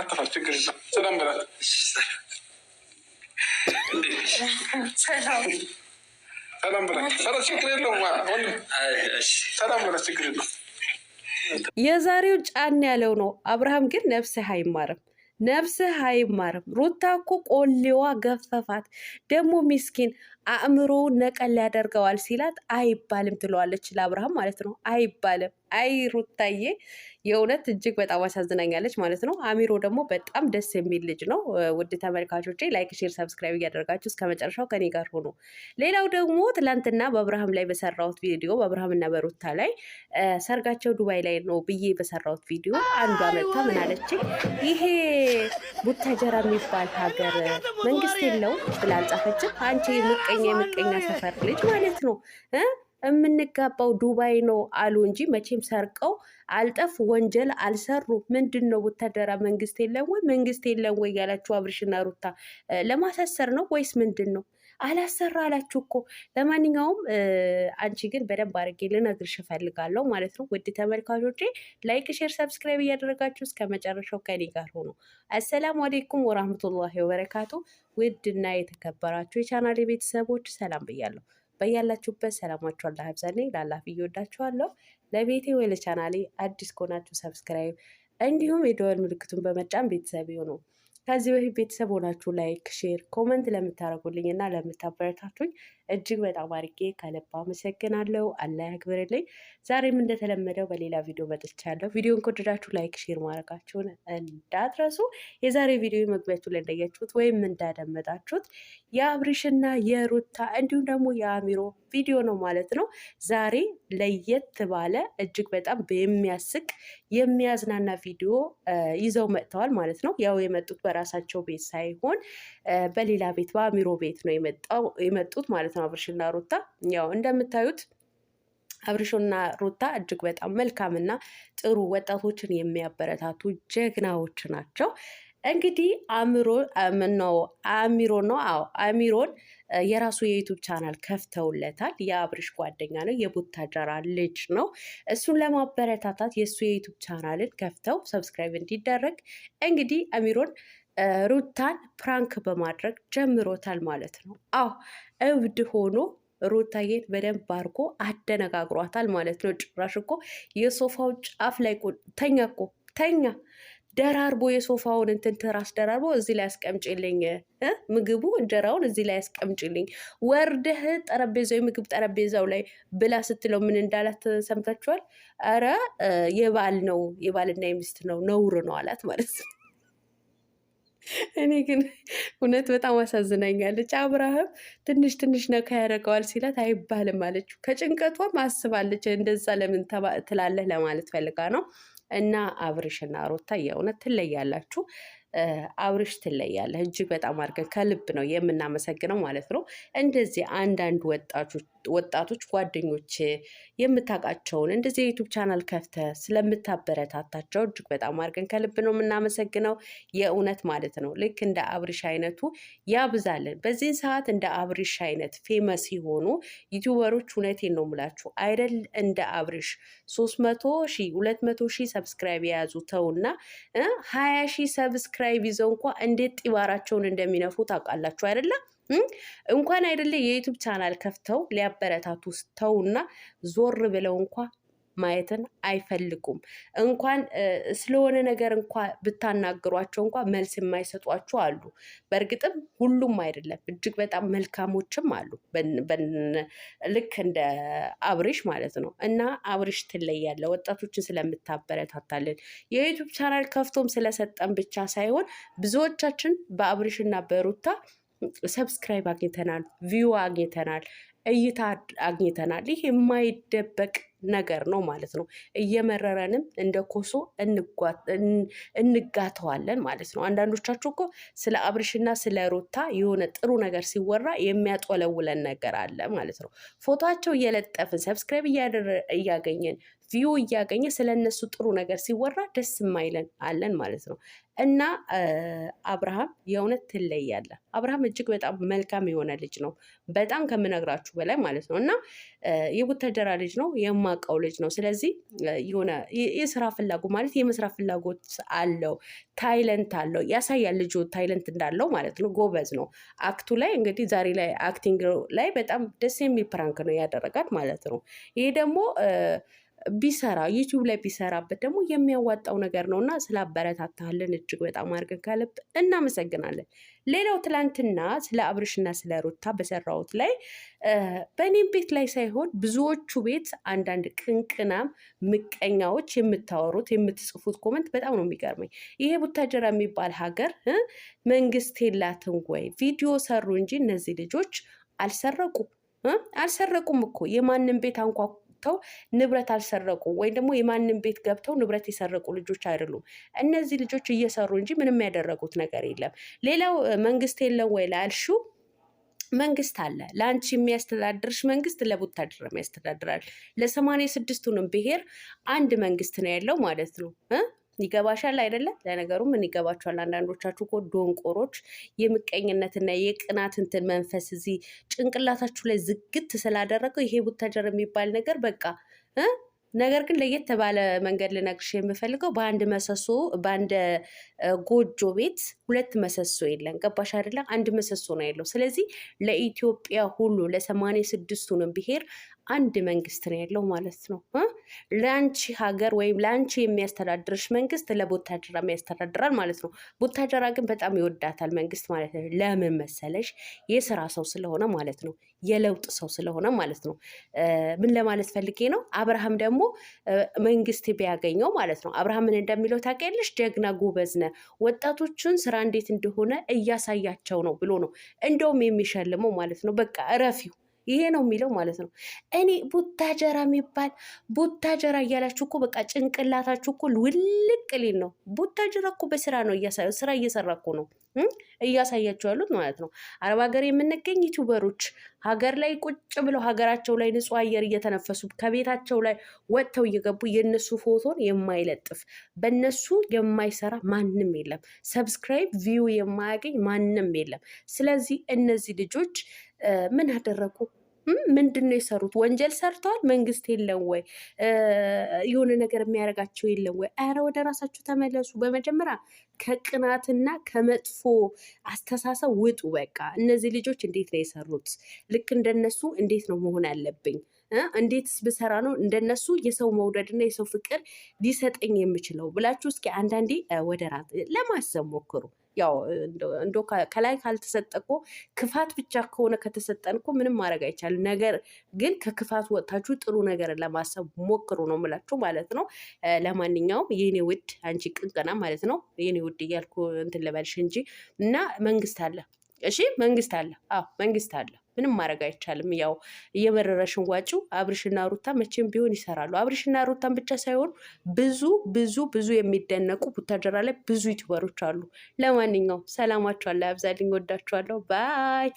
አትፈር፣ ችግር የለም። ሰላም በላት። ሰላም በላት። ችግር የለውም። ሰላም በላት። ችግር የለውም። የዛሬው ጫን ያለው ነው። አብርሃም ግን ነፍስህ አይማርም፣ ነፍስህ አይማርም። ሩታ እኮ ቆሌዋ ገፈፋት። ደግሞ ሚስኪን አእምሮ ነቀል ያደርገዋል ሲላት አይባልም ትለዋለች ለአብርሃም ማለት ነው። አይባልም አይ ሩታዬ የእውነት እጅግ በጣም አሳዝናኛለች ማለት ነው። አሚሮ ደግሞ በጣም ደስ የሚል ልጅ ነው። ውድ ተመልካቾቼ ላይክ፣ ሼር፣ ሰብስክራይብ እያደረጋችሁ እስከ መጨረሻው ከኔ ጋር ሆኖ ሌላው ደግሞ ትላንትና በአብርሃም ላይ በሰራሁት ቪዲዮ በአብርሃምና በሩታ ላይ ሰርጋቸው ዱባይ ላይ ነው ብዬ በሰራሁት ቪዲዮ አንዷ መጥታ ምን አለች? ይሄ ቡታጀራ የሚባል ሀገር መንግስት የለውም ብላ አልጻፈችም። አንቺ የምቀኛ የምቀኛ ሰፈር ልጅ ማለት ነው የምንጋባው ዱባይ ነው አሉ እንጂ መቼም ሰርቀው አልጠፍ ወንጀል አልሰሩ። ምንድን ነው ወታደራ መንግስት የለም ወይ መንግስት የለም ወይ ያላችሁ አብርሽና ሩታ ለማሳሰር ነው ወይስ ምንድን ነው? አላሰራ አላችሁ እኮ። ለማንኛውም አንቺ ግን በደንብ አድርጌ ልነግርሽ እፈልጋለሁ ማለት ነው። ውድ ተመልካቾቼ ላይክ፣ ሼር፣ ሰብስክራይብ እያደረጋችሁ እስከ መጨረሻው ከኔ ጋር ሆኖ አሰላሙ አሌይኩም ወራህመቱላሂ ወበረካቱ። ውድና የተከበራችሁ የቻናል ቤተሰቦች ሰላም ብያለሁ። በያላችሁበት ሰላማችሁ አላህ ያብዛልኝ። ላላፍ እየወዳችኋለሁ። ለቤቴ ወይ ለቻናሌ አዲስ ከሆናችሁ ሰብስክራይብ እንዲሁም የደወል ምልክቱን በመጫን ቤተሰብ ይሁኑ። ከዚህ በፊት ቤተሰብ ሆናችሁ ላይክ፣ ሼር፣ ኮመንት ለምታደርጉልኝ እና ለምታበረታቱኝ እጅግ በጣም አድርጌ ከልብ አመሰግናለሁ። አላህ ያክብርልኝ። ዛሬም እንደተለመደው በሌላ ቪዲዮ መጥቻለሁ። ቪዲዮን ከወደዳችሁ ላይክ፣ ሼር ማድረጋችሁን እንዳትረሱ። የዛሬ ቪዲዮ መግቢያችሁ ላይ እንዳያችሁት ወይም እንዳደመጣችሁት የአብርሽና የሩታ እንዲሁም ደግሞ የአሚሮ ቪዲዮ ነው ማለት ነው። ዛሬ ለየት ባለ እጅግ በጣም የሚያስቅ የሚያዝናና ቪዲዮ ይዘው መጥተዋል ማለት ነው። ያው የመጡት በራ በራሳቸው ቤት ሳይሆን በሌላ ቤት በአሚሮ ቤት ነው የመጡት ማለት ነው አብርሽና ሩታ ያው እንደምታዩት አብርሽና ሩታ እጅግ በጣም መልካምና ጥሩ ወጣቶችን የሚያበረታቱ ጀግናዎች ናቸው። እንግዲህ አምሮ ምነው አሚሮ ነው። አዎ አሚሮን የራሱ የዩቱብ ቻናል ከፍተውለታል። የአብርሽ ጓደኛ ነው፣ የቡታጀራ ልጅ ነው። እሱን ለማበረታታት የእሱ የዩቱብ ቻናልን ከፍተው ሰብስክራይብ እንዲደረግ እንግዲህ አሚሮን ሩታን ፕራንክ በማድረግ ጀምሮታል ማለት ነው። አዎ እብድ ሆኖ ሩታዬን በደንብ አድርጎ አደነጋግሯታል ማለት ነው። ጭራሽ እኮ የሶፋው ጫፍ ላይ ተኛ እኮ ተኛ ደራርቦ የሶፋውን እንትን ትራስ ደራርቦ እዚህ ላይ ያስቀምጭልኝ፣ ምግቡ እንጀራውን እዚህ ላይ ያስቀምጭልኝ፣ ወርደህ ጠረጴዛው የምግብ ጠረጴዛው ላይ ብላ ስትለው ምን እንዳላት ሰምታችኋል? ኧረ የባል ነው የባልና የሚስት ነው ነውር ነው አላት ማለት ነው። እኔ ግን እውነት በጣም አሳዝናኛለች። አብርሃም ትንሽ ትንሽ ነካ ያደርገዋል ሲላት አይባልም አለችው። ከጭንቀቷም አስባለች። እንደዛ ለምን ትላለህ ለማለት ፈልጋ ነው። እና አብርሽና ሩታ የእውነት ትለያላችሁ። አብርሽ ትለያለህ። እጅግ በጣም አድርገን ከልብ ነው የምናመሰግነው ማለት ነው። እንደዚህ አንዳንድ ወጣቶች ጓደኞች የምታውቃቸውን እንደዚህ የዩቱብ ቻናል ከፍተ ስለምታበረታታቸው እጅግ በጣም አድርገን ከልብ ነው የምናመሰግነው። የእውነት ማለት ነው። ልክ እንደ አብርሽ አይነቱ ያብዛልን። በዚህን ሰዓት እንደ አብርሽ አይነት ፌመስ የሆኑ ዩቱበሮች እውነቴን ነው ምላችሁ አይደል እንደ አብርሽ ሶስት መቶ ሺህ ሁለት መቶ ሺህ ሰብስክራይብ የያዙ ተውና ሀያ ሺህ ሰብስክራይብ ሰብስክራይብ ይዘው እንኳ እንዴት ጢባራቸውን እንደሚነፉ ታውቃላችሁ አይደለ? እንኳን አይደለ የዩቱብ ቻናል ከፍተው ሊያበረታቱ ስተውና ዞር ብለው እንኳ ማየትን አይፈልጉም። እንኳን ስለሆነ ነገር እንኳ ብታናግሯቸው እንኳ መልስ የማይሰጧቸው አሉ። በእርግጥም ሁሉም አይደለም፣ እጅግ በጣም መልካሞችም አሉ፣ ልክ እንደ አብሪሽ ማለት ነው። እና አብሪሽ ትለያለ ወጣቶችን ስለምታበረታታልን የዩቱብ ቻናል ከፍቶም ስለሰጠን ብቻ ሳይሆን ብዙዎቻችን በአብሪሽ እና በሩታ ሰብስክራይብ አግኝተናል፣ ቪዩ አግኝተናል፣ እይታ አግኝተናል። ይህ የማይደበቅ ነገር ነው ማለት ነው። እየመረረንም እንደ ኮሶ እንጋተዋለን ማለት ነው። አንዳንዶቻችሁ እኮ ስለ አብርሽና ስለ ሩታ የሆነ ጥሩ ነገር ሲወራ የሚያጦለውለን ነገር አለ ማለት ነው። ፎቶቸው እየለጠፍን ሰብስክራይብ እያገኘን ቪው እያገኘ ስለ እነሱ ጥሩ ነገር ሲወራ ደስ የማይለን አለን ማለት ነው። እና አብርሃም የእውነት ትለያለ። አብርሃም እጅግ በጣም መልካም የሆነ ልጅ ነው፣ በጣም ከምነግራችሁ በላይ ማለት ነው። እና የቡተደራ ልጅ ነው፣ የማውቀው ልጅ ነው። ስለዚህ የሆነ የስራ ፍላጎት ማለት የመስራት ፍላጎት አለው፣ ታይለንት አለው፣ ያሳያል ልጁ ታይለንት እንዳለው ማለት ነው። ጎበዝ ነው። አክቱ ላይ እንግዲህ ዛሬ ላይ አክቲንግ ላይ በጣም ደስ የሚል ፕራንክ ነው ያደረጋት ማለት ነው። ይሄ ደግሞ ቢሰራ ዩቲዩብ ላይ ቢሰራበት ደግሞ የሚያዋጣው ነገር ነው እና ስላበረታታልን እጅግ በጣም አድርገን ከልብ እናመሰግናለን። ሌላው ትላንትና ስለ አብርሽና ስለ ሩታ በሰራሁት ላይ በእኔም ቤት ላይ ሳይሆን ብዙዎቹ ቤት አንዳንድ ቅንቅናም ምቀኛዎች የምታወሩት የምትጽፉት ኮመንት በጣም ነው የሚገርመኝ። ይሄ ቡታጀራ የሚባል ሀገር መንግስት የላትን ወይ? ቪዲዮ ሰሩ እንጂ እነዚህ ልጆች አልሰረቁ አልሰረቁም እኮ የማንም ቤት አንኳ ወጥተው ንብረት አልሰረቁ ወይም ደግሞ የማንም ቤት ገብተው ንብረት የሰረቁ ልጆች አይደሉም። እነዚህ ልጆች እየሰሩ እንጂ ምንም ያደረጉት ነገር የለም። ሌላው መንግስት የለም ወይ ላልሹ መንግስት አለ። ለአንቺ የሚያስተዳድርሽ መንግስት ለቡታድራም ያስተዳድራል። ለሰማንያ ስድስቱንም ብሔር አንድ መንግስት ነው ያለው ማለት ነው። ይገባሻል አይደለ? ምን እንገባችኋል። አንዳንዶቻችሁ እኮ ዶንቆሮች የምቀኝነትና የቅናትንትን መንፈስ እዚህ ጭንቅላታችሁ ላይ ዝግት ስላደረገው ይሄ ቡታጀር የሚባል ነገር በቃ ነገር ግን ለየት ባለ መንገድ ልነግርሽ የምፈልገው በአንድ መሰሶ በአንድ ጎጆ ቤት ሁለት መሰሶ የለም። ገባሽ አይደለም? አንድ መሰሶ ነው ያለው። ስለዚህ ለኢትዮጵያ ሁሉ ለሰማንያ ስድስቱንም ብሄር ። አንድ መንግስት ነው ያለው ማለት ነው። ለአንቺ ሀገር ወይም ለአንቺ የሚያስተዳድርሽ መንግስት ለቦታጀራ የሚያስተዳድራል ማለት ነው። ቦታጀራ ግን በጣም ይወዳታል መንግስት ማለት ነው። ለምን መሰለሽ? የስራ ሰው ስለሆነ ማለት ነው። የለውጥ ሰው ስለሆነ ማለት ነው። ምን ለማለት ፈልጌ ነው? አብርሃም ደግሞ መንግስት ቢያገኘው ማለት ነው። አብርሃምን እንደሚለው ታውቂያለሽ፣ ጀግና ጎበዝ ነህ፣ ወጣቶቹን ስራ እንዴት እንደሆነ እያሳያቸው ነው ብሎ ነው እንደውም የሚሸልመው ማለት ነው። በቃ እረፊው ይሄ ነው የሚለው ማለት ነው። እኔ ቡታጀራ የሚባል ቡታጀራ እያላችሁ እኮ በቃ ጭንቅላታችሁ እኮ ውልቅ ሊል ነው። ቡታጀራ እኮ በስራ ነው ስራ እየሰራ እኮ ነው እያሳያችሁ ያሉት ማለት ነው። አረብ ሀገር የምንገኝ ዩቱበሮች ሀገር ላይ ቁጭ ብለው ሀገራቸው ላይ ንጹህ አየር እየተነፈሱ ከቤታቸው ላይ ወጥተው እየገቡ የነሱ ፎቶን የማይለጥፍ በነሱ የማይሰራ ማንም የለም። ሰብስክራይብ ቪው የማያገኝ ማንም የለም። ስለዚህ እነዚህ ልጆች ምን አደረጉ? ምንድን ነው የሰሩት? ወንጀል ሰርተዋል? መንግስት የለም ወይ? የሆነ ነገር የሚያደርጋቸው የለም ወይ? ኧረ ወደ ራሳችሁ ተመለሱ። በመጀመሪያ ከቅናትና ከመጥፎ አስተሳሰብ ውጡ። በቃ እነዚህ ልጆች እንዴት ነው የሰሩት? ልክ እንደነሱ እንዴት ነው መሆን ያለብኝ? እንዴትስ ብሰራ ነው እንደነሱ የሰው መውደድና የሰው ፍቅር ሊሰጠኝ የምችለው ብላችሁ እስኪ አንዳንዴ ወደ ራስ ለማሰብ ሞክሩ። ያው እንዶ ከላይ ካልተሰጠ እኮ ክፋት ብቻ ከሆነ ከተሰጠን እኮ ምንም ማድረግ አይቻልም። ነገር ግን ከክፋት ወጥታችሁ ጥሩ ነገር ለማሰብ ሞክሩ ነው ምላችሁ ማለት ነው። ለማንኛውም የኔ ውድ አንቺ ቅንቅና ማለት ነው የኔ ውድ እያልኩ እንትን ልበልሽ እንጂ እና መንግስት አለ፣ እሺ መንግስት አለ፣ አዎ መንግስት አለ። ምንም ማድረግ አይቻልም። ያው እየመረረሽን ዋጪው። አብርሽና ሩታ መቼም ቢሆን ይሰራሉ። አብርሽና ሩታን ብቻ ሳይሆን ብዙ ብዙ ብዙ የሚደነቁ ቡታጀራ ላይ ብዙ ዩቱበሮች አሉ። ለማንኛውም ሰላማችኋለሁ፣ አብዛልኝ፣ ወዳችኋለሁ። ባይ